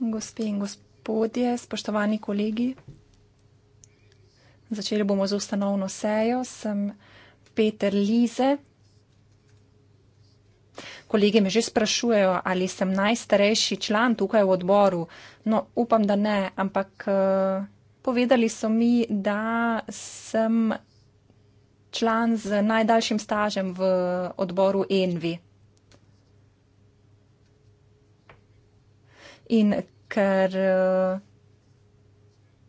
Gospe in gospodje, spoštovani kolegi, začeli bomo z ustanovno sejo. Sem Peter Lize. Kolegi me že sprašujejo, ali sem najstarejši član tukaj v odboru. No, upam, da ne, ampak eh, povedali so mi, da sem član z najdaljšim stažem v odboru Envi. In ker eh,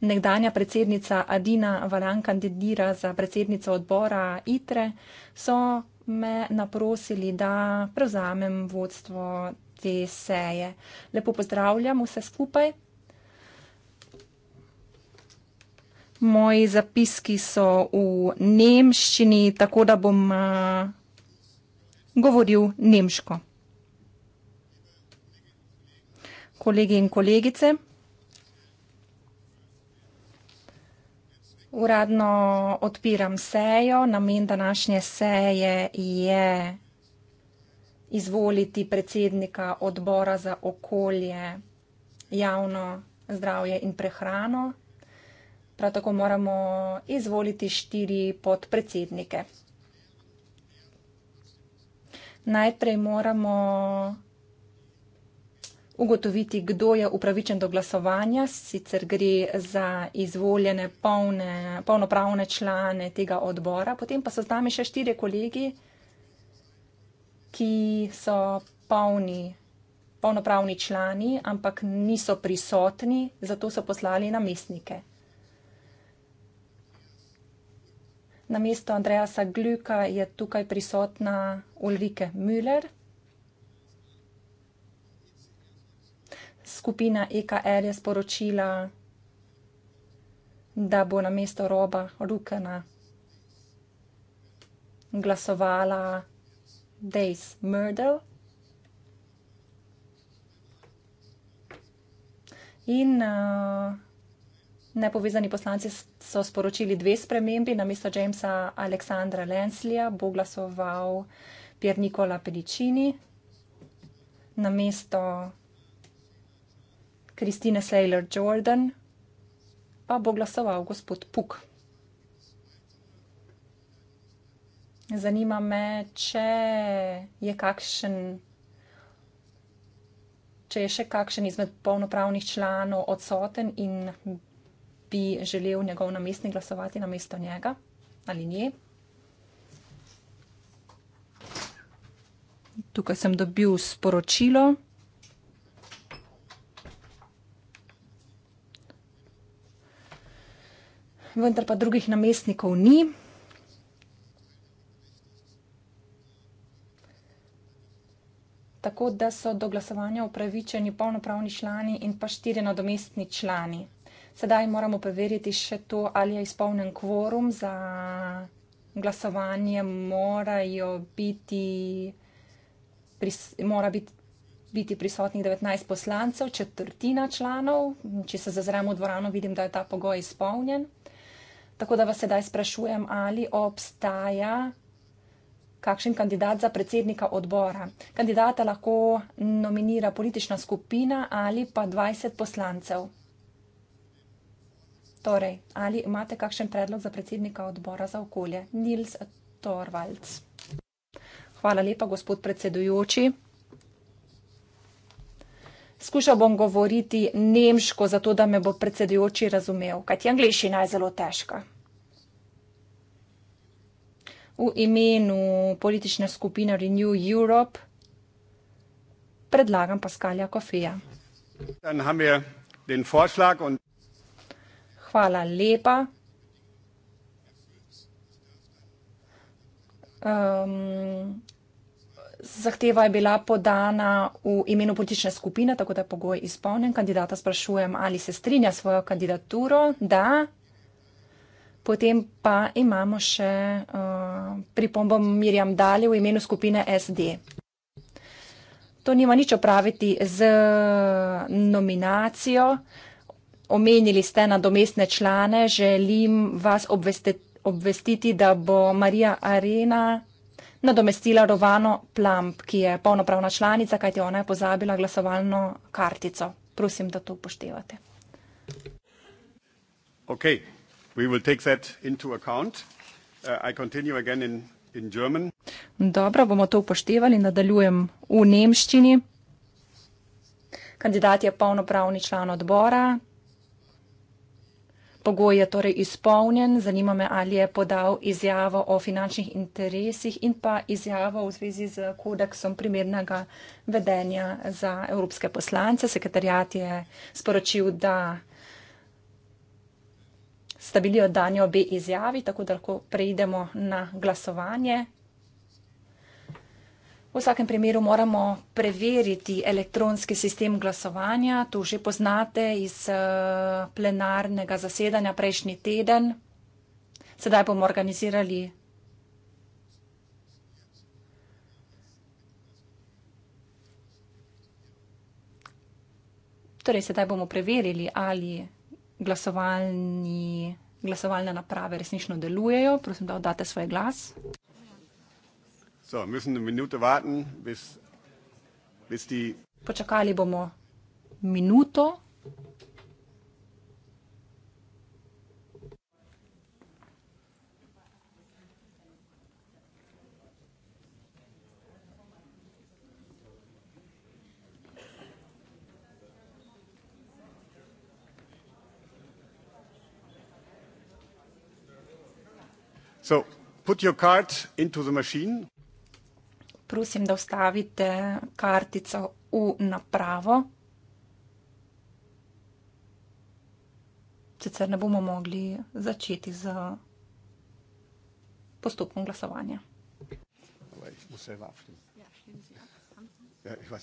nekdanja predsednica Adina Valan kandidira za predsednico odbora ITRE, so me naprosili, da prevzamem vodstvo te seje. Lepo pozdravljam vse skupaj. Moji zapiski so v nemščini, tako da bom eh, govoril nemško. kolegi in kolegice. Uradno odpiram sejo. Namen današnje seje je izvoliti predsednika odbora za okolje, javno zdravje in prehrano. Prav tako moramo izvoliti štiri podpredsednike. Najprej moramo ugotoviti, kdo je upravičen do glasovanja, sicer gre za izvoljene polne, polnopravne člane tega odbora. Potem pa so z nami še štiri kolegi, ki so polni, polnopravni člani, ampak niso prisotni, zato so poslali namestnike. Na mesto Andreja Glüka je tukaj prisotna Ulrike Müller, skupina EKR je sporočila, da bo na mesto roba Rukena glasovala Dejs Mrdel. In uh, nepovezani poslanci so sporočili dve spremembi. Na mesto Jamesa Aleksandra Lenslija bo glasoval Pier Nikola Pedicini. Na mesto Kristine Sailor Jordan, pa bo glasoval gospod Puk. Zanima me, če je kakšen, če je še kakšen izmed polnopravnih članov odsoten in bi želel njegov namestnik glasovati na mesto njega ali nje. Tukaj sem dobil sporočilo. vendar pa drugih namestnikov ni. Tako da so do glasovanja upravičeni polnopravni člani in pa štiri nadomestni člani. Sedaj moramo preveriti še to, ali je izpolnen kvorum za glasovanje, morajo biti, pris, mora biti, biti prisotnih 19 poslancev, četrtina članov. Če se zazremo v dvorano, vidim, da je ta pogoj izpolnjen. Tako da vas sedaj sprašujem, ali obstaja kakšen kandidat za predsednika odbora. Kandidata lahko nominira politična skupina ali pa 20 poslancev. Torej, ali imate kakšen predlog za predsednika odbora za okolje? Nils Torvalds. Hvala lepa, gospod predsedujoči. Skušal bom govoriti nemško, zato da me bo predsedujoči razumel, kajti angliščina je zelo težka v imenu politične skupine Renew Europe predlagam Paskalja Kofija. Hvala lepa. Um, zahteva je bila podana v imenu politične skupine, tako da je pogoj izpolnjen. Kandidata sprašujem, ali se strinja svojo kandidaturo. Da, Potem pa imamo še uh, pripombo Mirjam Dalje v imenu skupine SD. To nima nič opraviti z nominacijo. Omenili ste na domestne člane. Želim vas obvestiti, da bo Marija Arena nadomestila Rovano Plamp, ki je polnopravna članica, kajti ona je pozabila glasovalno kartico. Prosim, da to upoštevate. Okay. We will take that into account. Uh, I continue again in, in German. Dobro, bomo to upoštevali. Nadaljujem v nemščini. Kandidat je polnopravni član odbora. Pogoj je torej izpolnjen. Zanima me, ali je podal izjavo o finančnih interesih in pa izjavo v zvezi z kodeksom primernega vedenja za evropske poslance. Sekretarjat je sporočil, da sta bili oddani obe izjavi, tako da lahko preidemo na glasovanje. V vsakem primeru moramo preveriti elektronski sistem glasovanja. To že poznate iz eh, plenarnega zasedanja prejšnji teden. Sedaj bomo organizirali Torej, sedaj bomo preverili, ali glasovalni, glasovalne naprave resnično delujejo. Prosim, da oddate svoj glas. So, warten, bis, bis die... Počakali bomo minuto. So, put your card into the machine. Prosim, da vstavite kartico v napravo. Sicer ne bomo mogli začeti z postopkom glasovanja. Ja, ja. Ja,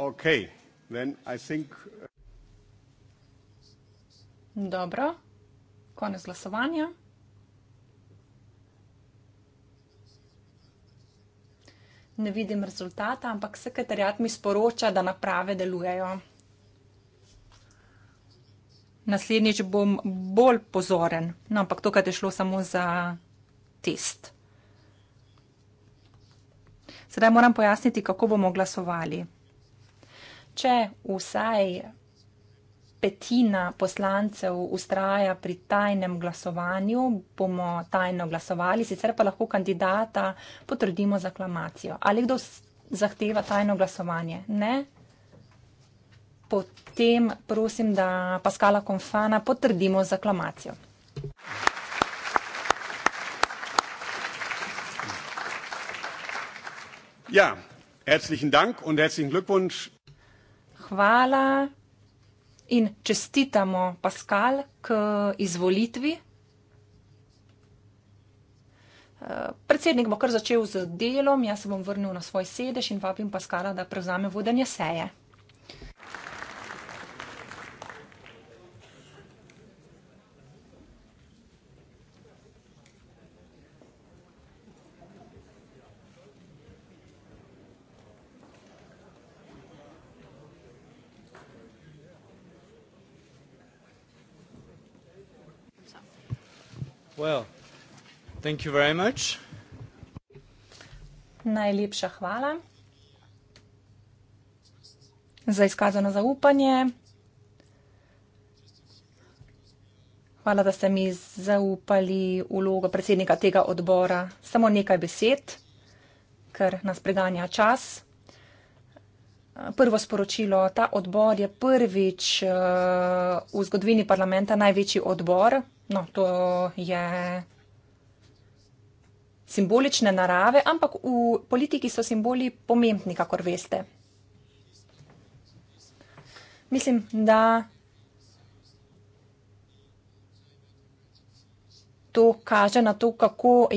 okay. Uh, Dobro. Konec glasovanja. Ne vidim rezultata, ampak sekretarjat mi sporoča, da naprave delujejo. Naslednjič bom bolj pozoren, no, ampak tokrat je šlo samo za test. Sedaj moram pojasniti, kako bomo glasovali če vsaj petina poslancev ustraja pri tajnem glasovanju, bomo tajno glasovali, sicer pa lahko kandidata potrdimo z aklamacijo. Ali kdo zahteva tajno glasovanje? Ne. Potem prosim, da Paskala Konfana potrdimo z aklamacijo. Ja, herzlichen Dank und herzlichen Glückwunsch hvala in čestitamo Paskal k izvolitvi. Eh, predsednik bo kar začel z delom, jaz se bom vrnil na svoj sedež in vabim Paskala, da prevzame vodenje seje. Well, thank you very much. Najlepša hvala za izkazano zaupanje. Hvala, da ste mi zaupali vlogo predsednika tega odbora. Samo nekaj besed, ker nas preganja čas prvo sporočilo. Ta odbor je prvič eh, v zgodovini parlamenta največji odbor. No, to je simbolične narave, ampak v politiki so simboli pomembni, kakor veste. Mislim, da to kaže na to, kako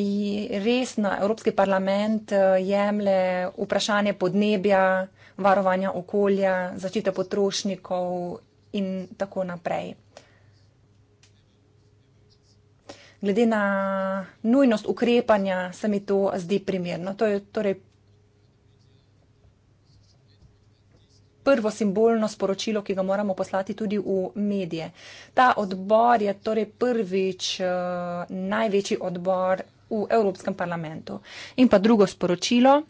resno Evropski parlament eh, jemlje vprašanje podnebja, varovanja okolja, zaščite potrošnikov in tako naprej. Glede na nujnost ukrepanja, se mi to zdi primerno. To je torej prvo simbolno sporočilo, ki ga moramo poslati tudi v medije. Ta odbor je torej prvič eh, največji odbor v Evropskem parlamentu. In pa drugo sporočilo.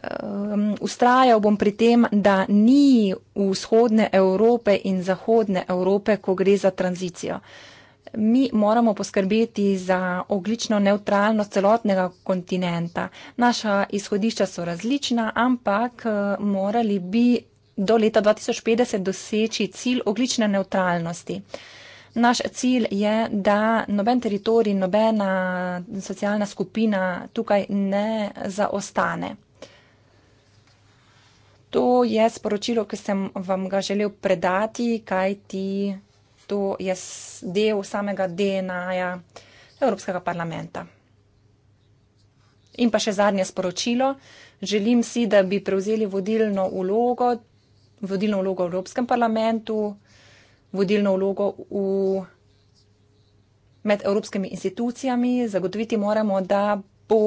um, ustrajal bom pri tem, da ni vzhodne Evrope in zahodne Evrope, ko gre za tranzicijo. Mi moramo poskrbeti za oglično neutralnost celotnega kontinenta. Naša izhodišča so različna, ampak eh, morali bi do leta 2050 doseči cilj oglične neutralnosti. Naš cilj je, da noben teritorij, nobena socialna skupina tukaj ne zaostane. To je sporočilo, ki sem vam ga želel predati, kajti to je del samega DNA-ja Evropskega parlamenta. In pa še zadnje sporočilo. Želim si, da bi prevzeli vodilno vlogo, vodilno vlogo v Evropskem parlamentu, vodilno vlogo v, med evropskimi institucijami. Zagotoviti moramo, da bo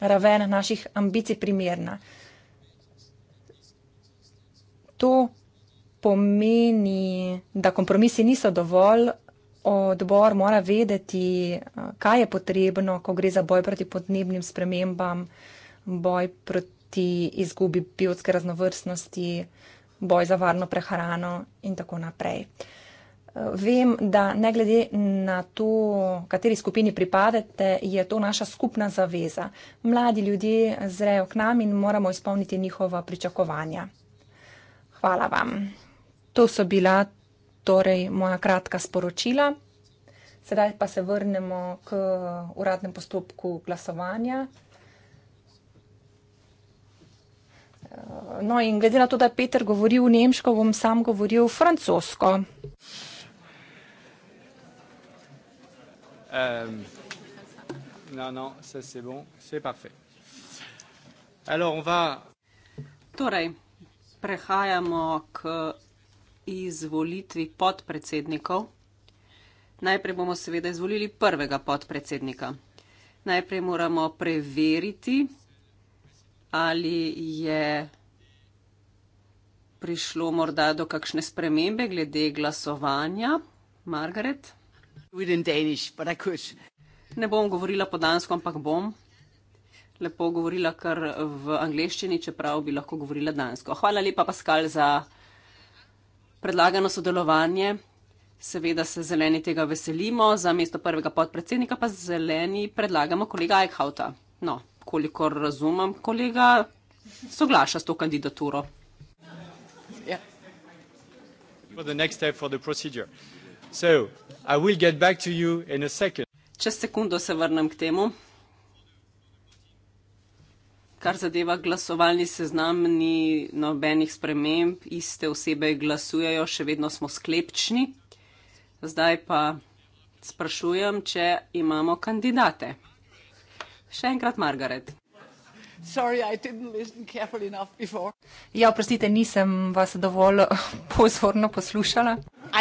raven naših ambicij primerna. To pomeni, da kompromisi niso dovolj. Odbor mora vedeti, kaj je potrebno, ko gre za boj proti podnebnim spremembam, boj proti izgubi biotske raznovrstnosti, boj za varno prehrano in tako naprej. Vem, da ne glede na to, kateri skupini pripadete, je to naša skupna zaveza. Mladi ljudje zrejo k nam in moramo izpolniti njihova pričakovanja. Hvala vam. To so bila torej moja kratka sporočila. Sedaj pa se vrnemo k uradnem postopku glasovanja. No in glede na to, da je Peter govoril nemško, bom sam govoril francosko. Euh, non, non, ça c'est bon, c'est parfait. Alors on va. Torej, prehajamo k izvolitvi podpredsednikov. Najprej bomo seveda izvolili prvega podpredsednika. Najprej moramo preveriti, ali je prišlo morda do kakšne spremembe glede glasovanja. Margaret? Ne bom govorila po dansko, ampak bom lepo govorila kar v angleščini, čeprav bi lahko govorila dansko. Hvala lepa, Paskal, za predlagano sodelovanje. Seveda se zeleni tega veselimo, za mesto prvega podpredsednika pa zeleni predlagamo kolega Eichhauta. No, kolikor razumem, kolega soglaša s to kandidaturo. Yeah. So, I will get back to you in a second. Čez sekundo se vrnem k temu. Kar zadeva glasovalni seznam, ni nobenih sprememb, iste osebe glasujejo, še vedno smo sklepčni. Zdaj pa sprašujem, če imamo kandidate. Še enkrat, Margaret. Ja, oprostite, nisem vas dovolj eh, pozorno poslušala. Oh,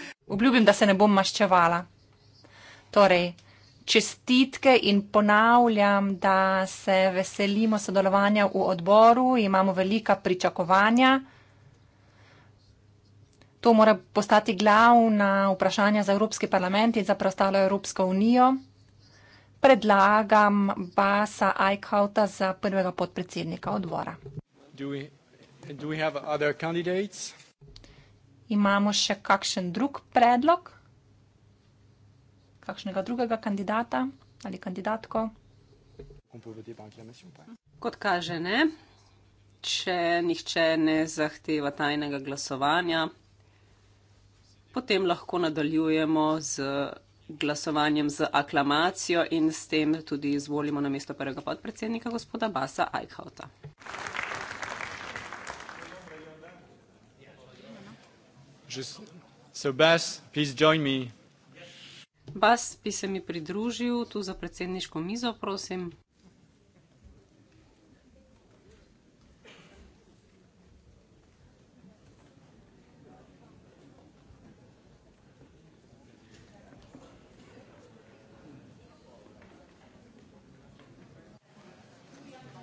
Obljubim, da se ne bom maščevala. Torej, čestitke in ponavljam, da se veselimo sodelovanja v odboru, imamo velika pričakovanja. To mora postati glavna vprašanja za Evropski parlament in za preostalo Evropsko unijo predlagam Basa Ajkauta za prvega podpredsednika odbora. Do we, do we Imamo še kakšen drug predlog? Kakšnega drugega kandidata ali kandidatko? Kot kaže ne, če nihče ne zahteva tajnega glasovanja, potem lahko nadaljujemo z glasovanjem z aklamacijo in s tem tudi izvolimo na mesto prvega podpredsednika gospoda Basa Eichhauta. Bas bi se mi pridružil tu za predsedniško mizo, prosim.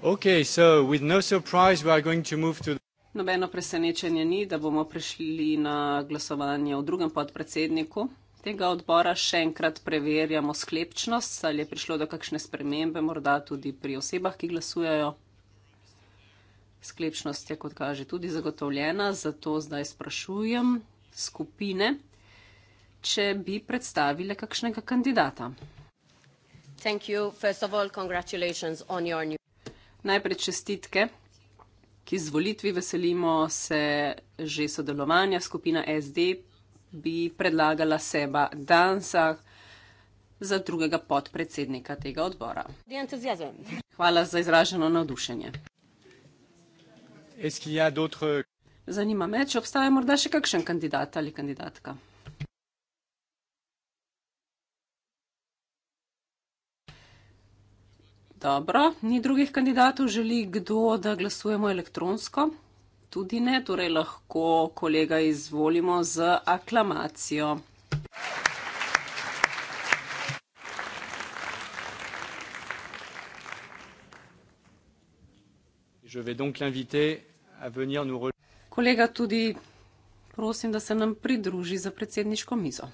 Okay, so with no surprise we are going to move to Nobeno presenečenje ni, da bomo prišli na glasovanje o drugem podpredsedniku tega odbora. Še enkrat preverjamo sklepčnost, ali je prišlo do kakšne spremembe, morda tudi pri osebah, ki glasujejo. Sklepčnost je, kot kaže, tudi zagotovljena, zato zdaj sprašujem skupine, če bi predstavile kakšnega kandidata. Thank you. First of all, congratulations on your new najprej čestitke, ki z volitvi veselimo se že sodelovanja. Skupina SD bi predlagala seba Dansa za drugega podpredsednika tega odbora. Hvala za izraženo navdušenje. Zanima me, če obstaja morda še kakšen kandidat ali kandidatka. Dobro, ni drugih kandidatov, želi kdo, da glasujemo elektronsko? Tudi ne, torej lahko kolega izvolimo z aklamacijo. Kolega tudi prosim, da se nam pridruži za predsedniško mizo.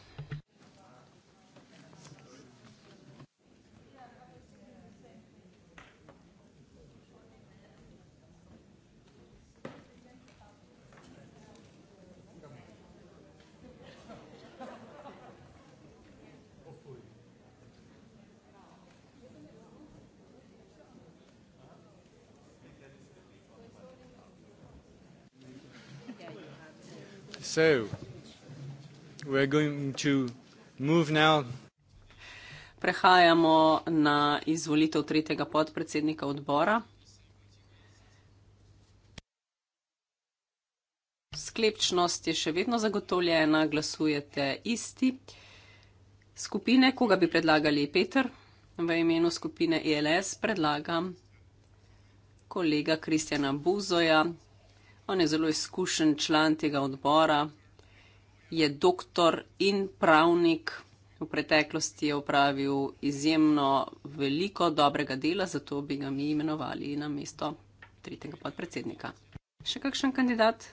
So, we're going to move now. Prehajamo na izvolitev tretjega podpredsednika odbora. Sklepčnost je še vedno zagotovljena, glasujete isti. Skupine, koga bi predlagali Peter, v imenu skupine ELS predlagam kolega Kristjana Buzoja, On je zelo izkušen član tega odbora, je doktor in pravnik. V preteklosti je upravil izjemno veliko dobrega dela, zato bi ga mi imenovali na mesto tretjega podpredsednika. Še kakšen kandidat?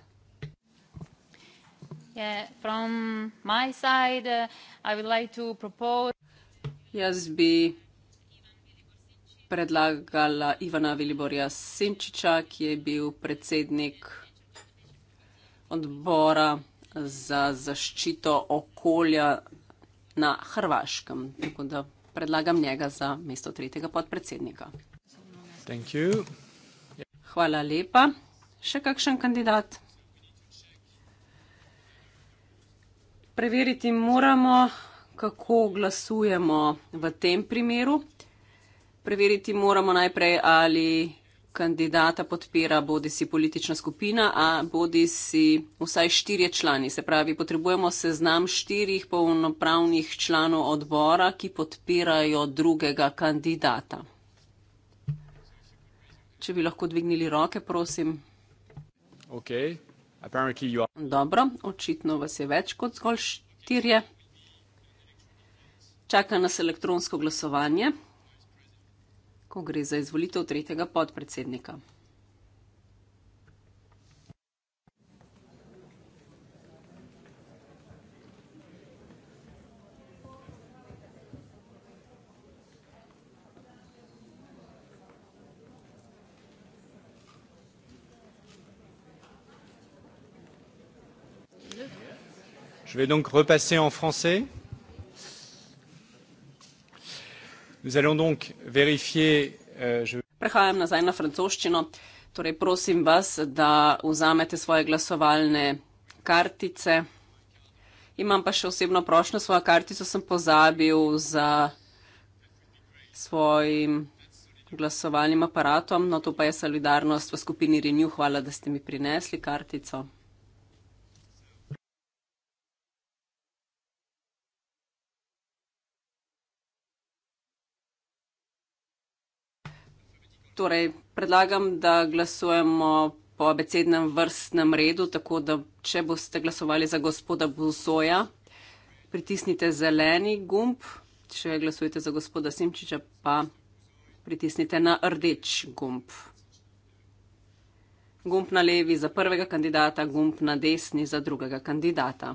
Yeah, side, like propose... Jaz bi predlagala Ivana Viliborja Simčiča, ki je bil predsednik odbora za zaščito okolja na Hrvaškem. Tako da predlagam njega za mesto tretjega podpredsednika. Hvala lepa. Še kakšen kandidat? Preveriti moramo, kako glasujemo v tem primeru. Preveriti moramo najprej, ali kandidata podpira bodi si politična skupina, a bodi si vsaj štirje člani. Se pravi, potrebujemo seznam štirih polnopravnih članov odbora, ki podpirajo drugega kandidata. Če bi lahko dvignili roke, prosim. Okay. Dobro, očitno vas je več kot zgolj štirje. Čaka nas elektronsko glasovanje ko gre za izvolitev tretjega podpredsednika. Je vais donc repasser en français. Euh, Prehajam nazaj na francoščino. Torej, prosim vas, da vzamete svoje glasovalne kartice. Imam pa še osebno prošnjo, svojo kartico sem pozabil za svojim glasovalnim aparatom. No, to pa je solidarnost v skupini Renew. Hvala, da ste mi prinesli kartico. Torej, predlagam, da glasujemo po abecednem vrstnem redu, tako da če boste glasovali za gospoda Buzoja, pritisnite zeleni gumb, če glasujete za gospoda Simčiča, pa pritisnite na rdeč gumb. Gumb na levi za prvega kandidata, gumb na desni za drugega kandidata.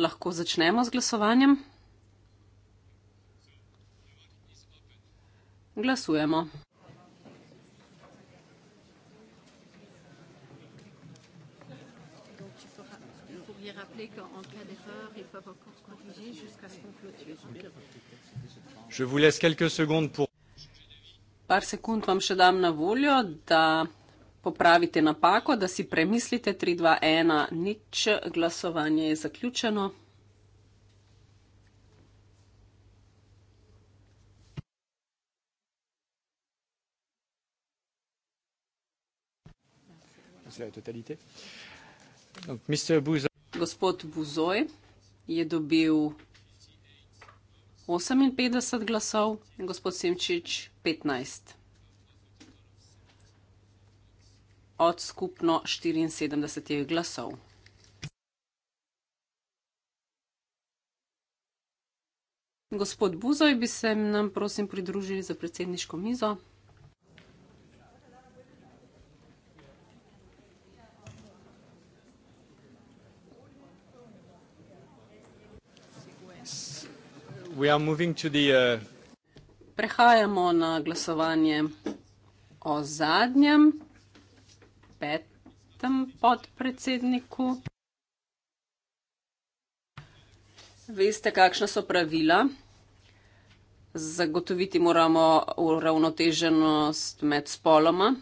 Lahko začnemo z glasovanjem. Glasujemo. Par sekund vam še dam na voljo, da popravite napako, da si premislite 3-2-1, nič glasovanje je zaključeno. la totalité. Donc, Mr. Bouzo... Gospod Buzoj je dobil 58 glasov in gospod Simčič 15 od skupno 74 glasov. Gospod Buzoj bi se nam prosim pridružili za predsedniško mizo. Uh, Prehajamo na glasovanje o zadnjem, petem podpredsedniku. Veste, kakšna so pravila? Zagotoviti moramo uravnoteženost med spoloma.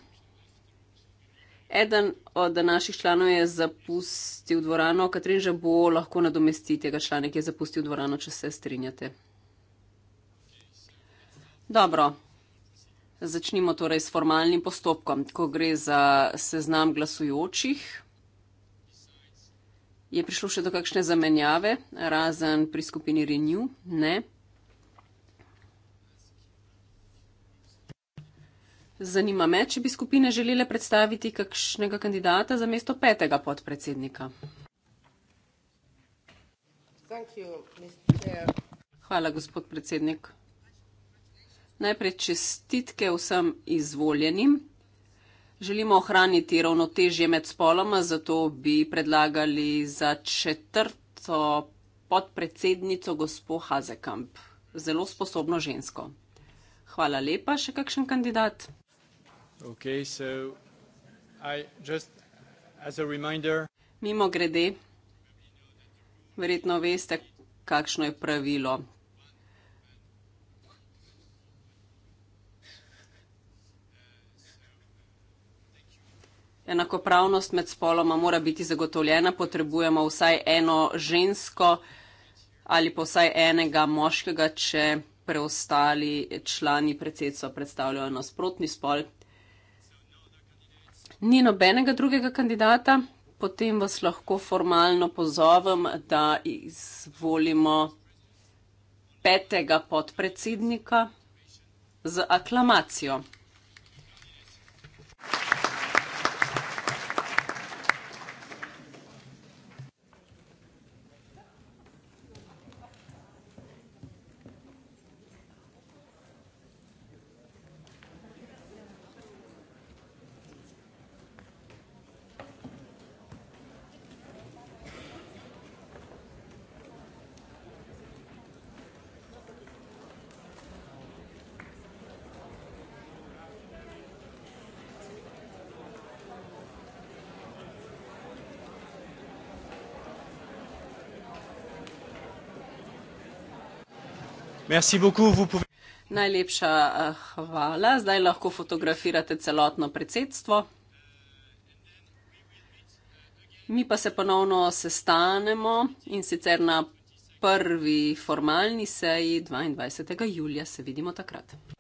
Eden od naših članov je zapustil dvorano, Katrin že bo lahko nadomestil tega člana, ki je zapustil dvorano, če se strinjate. Dobro, začnimo torej s formalnim postopkom. Ko gre za seznam glasujočih, je prišlo še do kakšne zamenjave, razen pri skupini Renew? Ne. Zanima me, če bi skupine želele predstaviti kakšnega kandidata za mesto petega podpredsednika. Hvala, gospod predsednik. Najprej čestitke vsem izvoljenim. Želimo ohraniti ravnotežje med spoloma, zato bi predlagali za četrto podpredsednico gospod Hazekamp. Zelo sposobno žensko. Hvala lepa, še kakšen kandidat? Okay, so I just as a reminder. Mimo grede, verjetno veste, kakšno je pravilo. Enakopravnost med spoloma mora biti zagotovljena, potrebujemo vsaj eno žensko ali pa vsaj enega moškega, če preostali člani predsedstva predstavljajo nasprotni spol ni nobenega drugega kandidata, potem vas lahko formalno pozovem, da izvolimo petega podpredsednika z aklamacijo. Merci beaucoup, vous pouvez... Najlepša eh, hvala. Zdaj lahko fotografirate celotno predsedstvo. Mi pa se ponovno sestanemo in sicer na prvi formalni seji 22. julija. Se vidimo takrat.